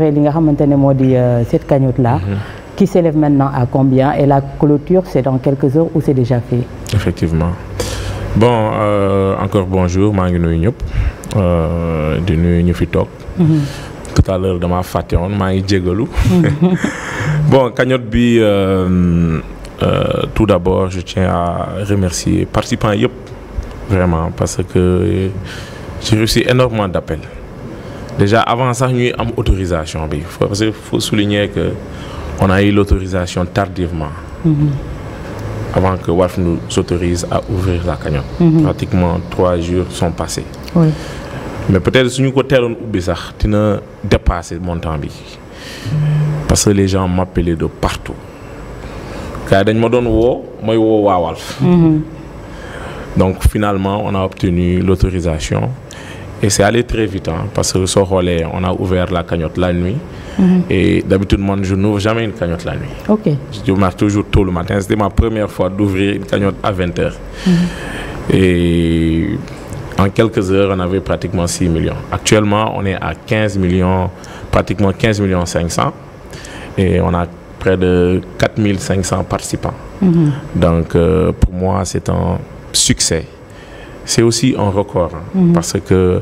li nga xamante ne moo di euh, cette cagnotte là. Mm-hmm. qui s'élève maintenant à combien et la clôture c'est dans quelques heures ou c'est déjà fait. effectivement bon euh, encore bonjour maa ngi nuyu ñëpp euh, di nuyu ñu fi toog. Mm-hmm. tout à l'heure damaa fàtte woon maa ngi jégalu. Mm-hmm. bon cagnotte bi euh, euh, tout d'abord je tiens à remercier participants yëpp vraiment parce que j'ai reçu énormément d'appels. déjà avant sax ñuy am autorisation bi parce que faut souligner on a eu l'autorisation tardivement mm -hmm. avant que WAF nous autorise à ouvrir la cagnotte mm -hmm. pratiquement trois jours sont passés oui. mais peut-être suñu ko teeloon ubbi sax dina dépasser montant bi parce que les gens m'appelaient de partout gars dañ ma doon woo mooy woo waawal mm-hmm. donc finalement on a obtenu l'autorisation Et c'est allé très vite, parce que soo xoolee on a ouvert la cagnotte la nuit. Mm -hmm. Et d'habitude n'ouvre jamais une cagnotte la nuit. Je démarre toujours tôt le matin, c'était ma première fois d'ouvrir une cagnotte à 20 heures. Mhm. en quelques heures, on avait pratiquement millions. Actuellement, on est à 15 millions, pratiquement 15 millions 500 et on a près de 4500 mhm. Donc euh, pour moi, c'est un succès. c'est aussi un record mm parce que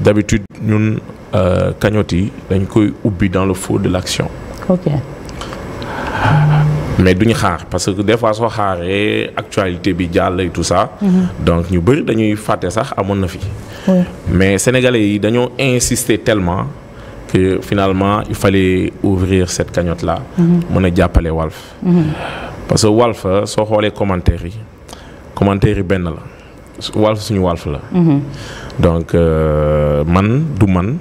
d'habitude ñun cagnotte euh, yi dañ koy ubbi dans le feu de l'action ok mais duñu xaar parce que des fois soo xaaree actualité bi jàll et tout ça. Mhm. donc ñu bëri dañuy fàtte sax amoon na fi. mais sénégalais yi dañoo insister tellement que finalement il fallait ouvrir cette cagnotte là. Mhm. mën a jàppale Walf. Mhm. parce que Walf soo xoolee commentaires yi commentaires yi benn la. Walf suñu Walf la. Mhm. donc euh, man du man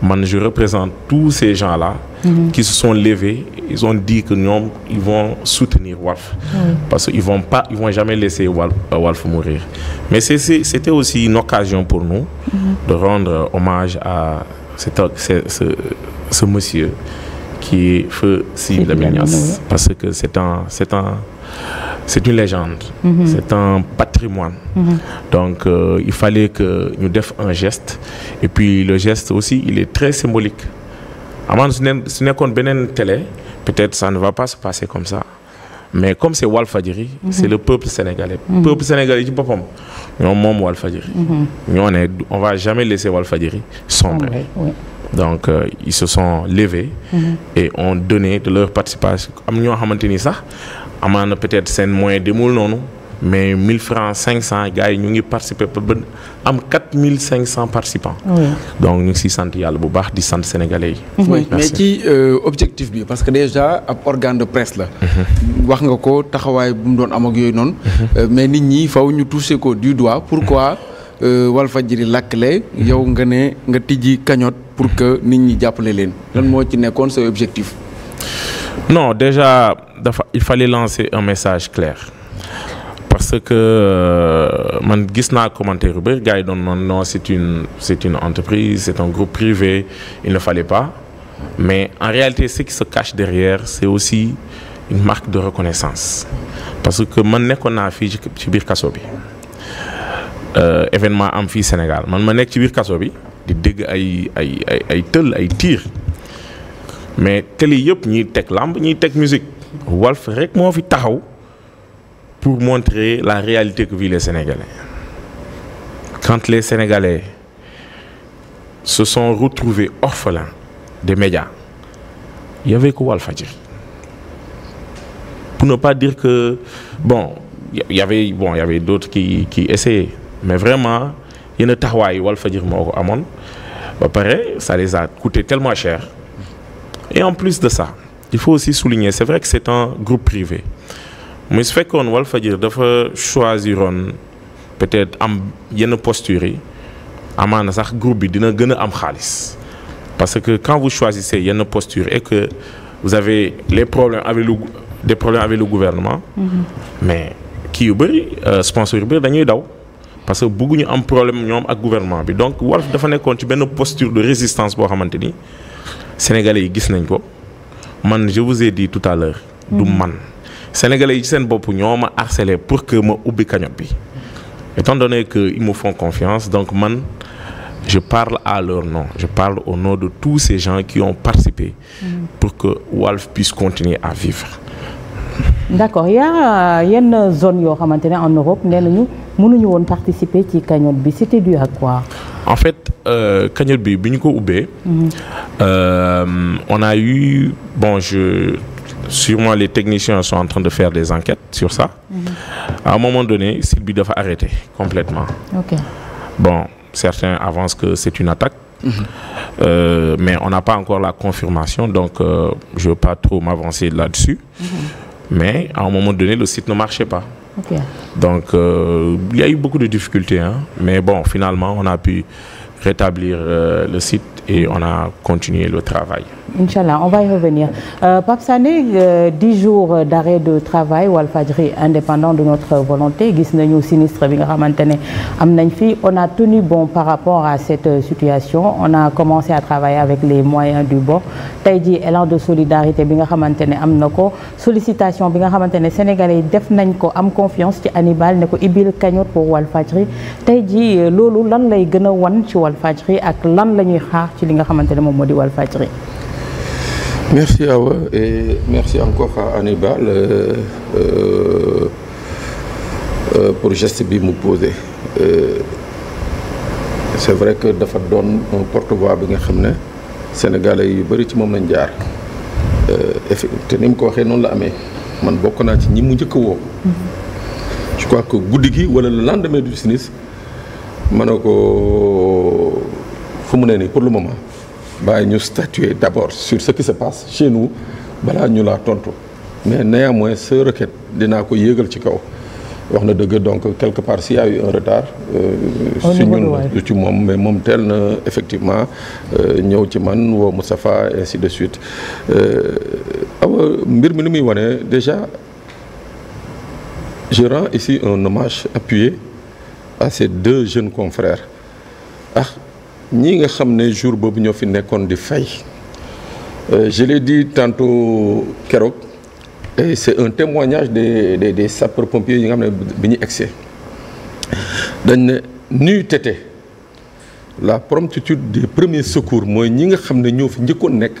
man je représente tous ces gens là. Mmh. qui se sont levés ils ont dit que ñoom ils vont soutenir Walf. parce que ils vont pas ils vont jamais laisser Walf euh, Walf mourir mais c'était aussi une occasion pour nous. Mhm. de rendre hommage à cet ce ce qui est Feu Sidi Lamine parce que c'est un c'est un c'est une légende. Mm -hmm. c'est un patrimoine. Mm -hmm. donc euh, il fallait que ñu def un geste et puis le geste aussi il est très symbolique amaan su ne su nekkoon beneen télé peut-être ça ne va pas se passer comme ça mais comme c'est Walfadjri. Mhm. c'est le peuple sénégalais. Mhm. peuple sénégalais ci boppam ñoom moom Walfadjri. Mhm. ñoo ne on va jamais laisser Walfadjri sombrer. Oui. donc euh, ils se sont levés. et ont donné de leur participation am ñoo xamante ni amaana peut-être seen moyen demul noonu mais 1000 francs 500 gars yi ñu ngi participer ba am 4500 participants. Oui. donc ñu ngi si sant yàlla bu baax di sant sénégalais yi. oui mais ci euh, objectif bi parce que déjà ab organe de presse la. Mhm. wax nga ko taxawaay bu mu doon am yooyu noonu. Mhm. Euh, mais nit ñi faw ñu toucher ko du doigt pourquoi. Euh, Walfadjri lakkle mhm. yow nga ne nga tijji cagnotte pour que nit ñi jàppale leen. lan moo ci nekkoon say non déjà dafa il fallait lancer un message clair parce que euh, man gis naa commentaire yu bëri gars yi doon noonu non c'est une c'est une entreprise c'est un groupe privé il ne fallait pas mais en réalité ce qui se cache derrière c'est aussi une marque de reconnaissance parce que man nekkoon naa fii ci biir kaso bi euh, événement am fii Sénégal man ma nekk ci biir kaso bi di dégg ay ay ay ay tël ay tiir mais télé yëpp ñiy teg làmb ñiy teg musique Walf rek moo fi taxaw pour montrer la réalité que vivent les Sénégalais quand les Sénégalais se sont retrouvés orphelins des médias y avait que Walfadjri pour ne pas dire que bon y avait bon y avait d'autres qui qui essayaient mais vraiment yenn taxawaay Walfadjri moo ko amoon ba pare ça les coûté tellement cher en plus de ça il faut aussi souligner c'est vrai que c'est un groupe privé mu su fekkoon Walfadjri dafa choisiroon peut-être am yenn posture yi amaana sax groupe bi dina gën a am xaalis parce que quand vous choisissez yenn posture et que vous avez les problèmes avec le des problèmes avec le gouvernement mm -hmm. mais kii yu bëri euh, sponsor yu bëri dañuy daw parce que bëgguñu am problème ñoom ak gouvernement bi donc Walf dafa nekkoon ci benn posture de résistance boo xamante ni sénégalais yi gis nañ ko man je vous ai dit tout à l'heure du mm. man sénégalais yi ci seen bopp ñoo ma harcelé pour que ma ubbi cagnotte bi étant donné que ils me font confiance donc man je parle à leur nom je parle au nom de tous ces gens qui ont participé mm. pour que Walf puisse continuer à vivre d'accord yaa euh, yenn zone yoo xamante ne en Europe nee nañu mënuñu woon participer ci cagnotte bi c'était dû à quoi en fait euh, cagnotte bi bi ñu ko ubbee mm. Euh, on a eu bon je sûrement les techniciens sont en train de faire des enquêtes sur ça. Mm -hmm. À un moment donné Sylvie dafa arrêter complètement. Okay. Bon certains avancent que c'est une attaque. Mm -hmm. euh, mais on n'a pas encore la confirmation donc euh, je veux pas trop m'avancer là-dessus. Mm -hmm. Mais à un moment donné le site ne marchait pas. Okay. Donc euh, il euh, y a eu beaucoup de difficultés hein mais bon finalement on a pu rétablir euh, le site et on a continué le travail. Inch'Allah, on va y revenir. Euh, Pape Sané, euh, 10 jours d'arrêt de travail Walfadjri indépendant de notre volonté gis nañu sinistre bi nga xamante ne am nañ fi on a tenu bon par rapport à cette situation on a commencé à travailler avec les moyens du bord tey jii élan de solidarité bi nga xamante ne am na ko sollicitation bi nga xamante ne sénégalais yi def nañ ko am confiance ci Hannibal ne ko ibil cagnotte pour Walfadjri tey jii euh, loolu lan lay gën a wan ci Walfadjri ak lan la ñuy xaar ci li nga xamante ne moom moo di Walfadjri Merci à vous merci encore à Hannibal euh, euh, pour geste bi mu posé euh, c'est vrai que dafa doon un porte bi nga xam ne sénégalais yu bëri ci moom lañ jaar euh, te ni mu ko waxee noonu la amee man bokk naa ci ñi mu njëkk woo je crois que guddi gi wala le lendemain du sinistre ma ne ko fu mu ne nii pour le moment waaye ñu statuer d'abord sur ce qui se passe chez nous balaa ñu laa tontu mais néanmoins sa requête dinaa ko yéegal ci kaw wax na dëgg donc quelque part s'il y eu un retard euh, si ñun du ci moom mais moom tell na effectivement euh, ñëw ci man woo Moustapha ainsi de suite euh, awa mbir mi li muy wane déjà je rends ici un hommage appuyé à ces deux jeunes confrères ah ñii nga xam ne jour boobu ñoo fi nekkoon di fay euh, je l'ai dit tantôt keroog et c'est un témoignage des des des sapeurs-pompiers yi nga xam ne bi ñu egsee dañ ne nuy tete la promptitude des premiers secours mooy ñi nga xam ne ñoo fi njëkkoon nekk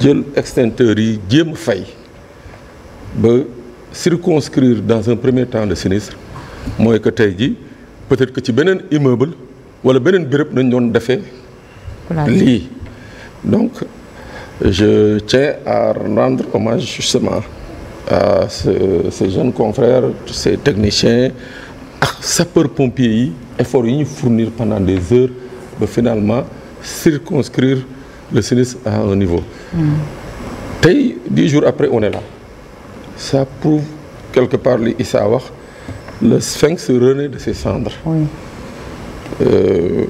jël extincteurs yi jéem a fay ba circonscrire dans un premier temps de sinistre mooy que tey ji peut-être que ci beneen immeuble wala beneen béréb nañ doon defee lii donc je tiens à rendre hommage justement à ce ces jeunes confrères ces techniciens ak sapeurs-pompiers yi effort yi ñu fournir pendant des heures ba finalement circonscrire le sinistre à un niveau mm. tey dix jours après on est là ça prouve quelque part li Issa wax le sphinx renaît de ses cendres euh,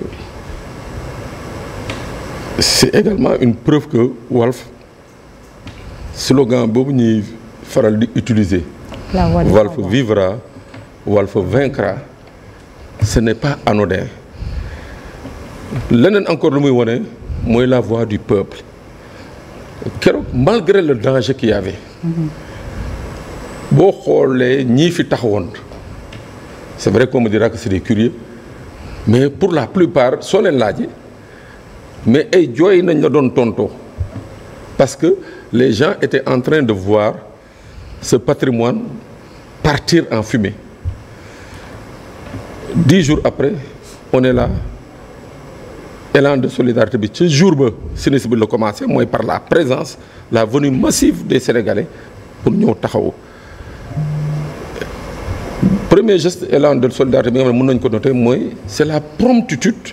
c'est également une preuve que Walf slogan boobu ñuy faral di utiliser. Walf vivra Walf vaincra ce n'est pas anodin leneen encore lu muy wone mooy la voix du peuple keroog malgré le danger qu'il y boo xoolee ñii fi taxawoon c'est vrai qu'on me dira que c'est des curieux mais pour la plupart soo laa laajee mais ay jooy nañ la doon tontoo parce que les gens étaient en train de voir ce patrimoine partir en fumée dix jours après on est là élan de solidarité bi ci jour ba sinistre bi la commencé mooy par la présence la venue massive des Sénégalais pour ñëw taxawu premier gest élan de solidarité bi nga xam ne mën nañu ko noter mooy c'est la promptitude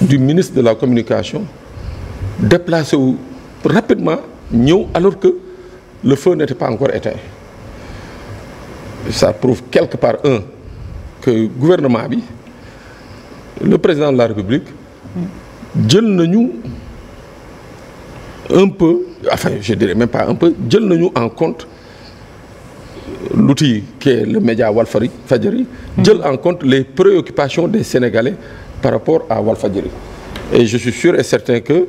du ministre de la communication déplacé wu rapidement ñëw alors que le feu n'était pas encore éteint ça prouve quelque part un que gouvernement bi le président de la République jël nañu un peu enfin je dirais même pas un peu jël nañu en compte l'outil qui est le média Walfari Fadjri hmm. jël en compte les préoccupations des Sénégalais par rapport à Walfadjri et je suis sûr et certain que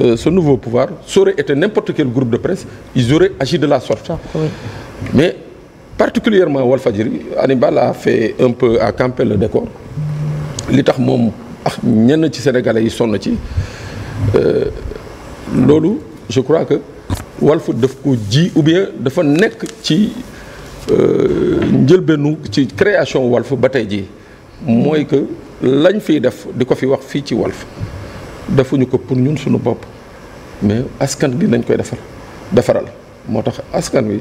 euh, ce nouveau pouvoir saurait été n'importe quel groupe de presse ils auraient agi de la sorte ah, oui. mais particulièrement Walfadjri Hannibal a fait un peu à camper le décor li tax moom ah ñenn ci sénégalais yi sonn ci euh, loolu je crois que Walf daf ko ji ou bien dafa nekk ci njëlbéenu ci création Walf ba tey jii mooy que lañ fiy def di ko fi wax fii ci Walf defuñu ko pour ñun suñu bopp mais askan bi lañ koy defar defaral moo tax askan wi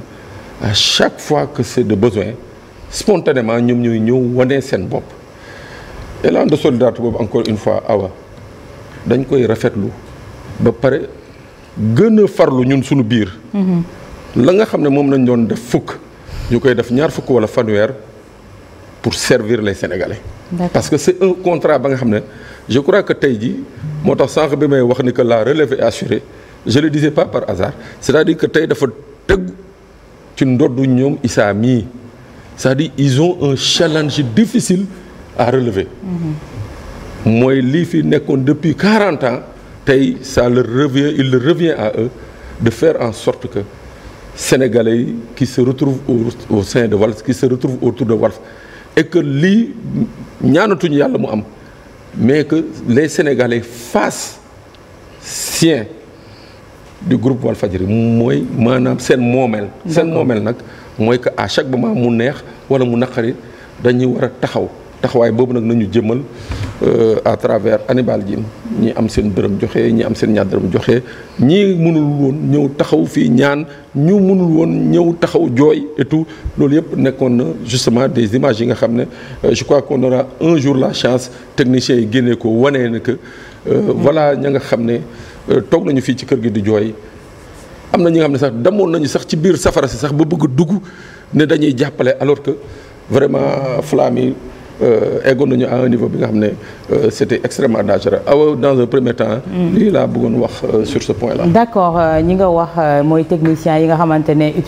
à chaque fois que c'est de besoin spontanément ñoom ñuy ñëw wane seen bopp élan de solidarité boobu encore une fois awa dañ koy rafetlu ba pare gën a farlu ñun suñu biir mm-hmm. la nga xam ne moom lañ doon def fukk ñu koy def ñaar fukk wala fanweer pour servir les Sénégalais. parce que c'est un contrat ba nga xam ne je crois que tey jii moo tax sànq bi may wax ni que la relève est assurée je le disais pas par hasard c'est-à-dire que tey dafa tëgg ci ndoddu ñoom Issa mii c'est-à-dire ils ont un challenge difficile à relever. Mm-hmm. mooy lii fi nekkoon depuis 40 ans tey ça leur revient il leur revient à eux de faire en sort que. sénégalais yi qui se retrouvent au au sein de Walf qui se retrouvent autour de Walf et que lii ñaanatuñu yàlla mu am mais que les sénégalais fassent sien di groupe Walfadjri mooy maanaam seen moomeel. seen moomeel nag mooy que à chaque moment mu neex wala mu naqari dañuy war a taxaw taxawaay boobu nag nañu jëmmal. Euh, à travers Hannibal Djim ñi am seen dërëm joxe ñi am seen ñaar dërëm joxe ñii mënul woon ñëw taxaw fii ñaan ñu mënul woon ñëw taxaw jooy et tout loolu yëpp nekkoon na justement des images yi nga xam ne euh, je crois qu'on aura un jour la chance techniciens yi génnee ko wanee na que euh, voilà ña nga xam ne toog nañu fii ci kër gi di jooy am na ñi nga xam ne sax demoon nañu sax ci biir safara si sax ba bëgg dugg ne dañuy jàppale alors que vraiment flamme yi Euh, eggoon nañu à un niveau bi nga xam ne euh, c' était extrêmement dangereux awa ah dans un premier temps. Mm. lii laa bëggoon wax euh, sur ce point là. d' ñi nga wax mooy technicien yi nga xamante ne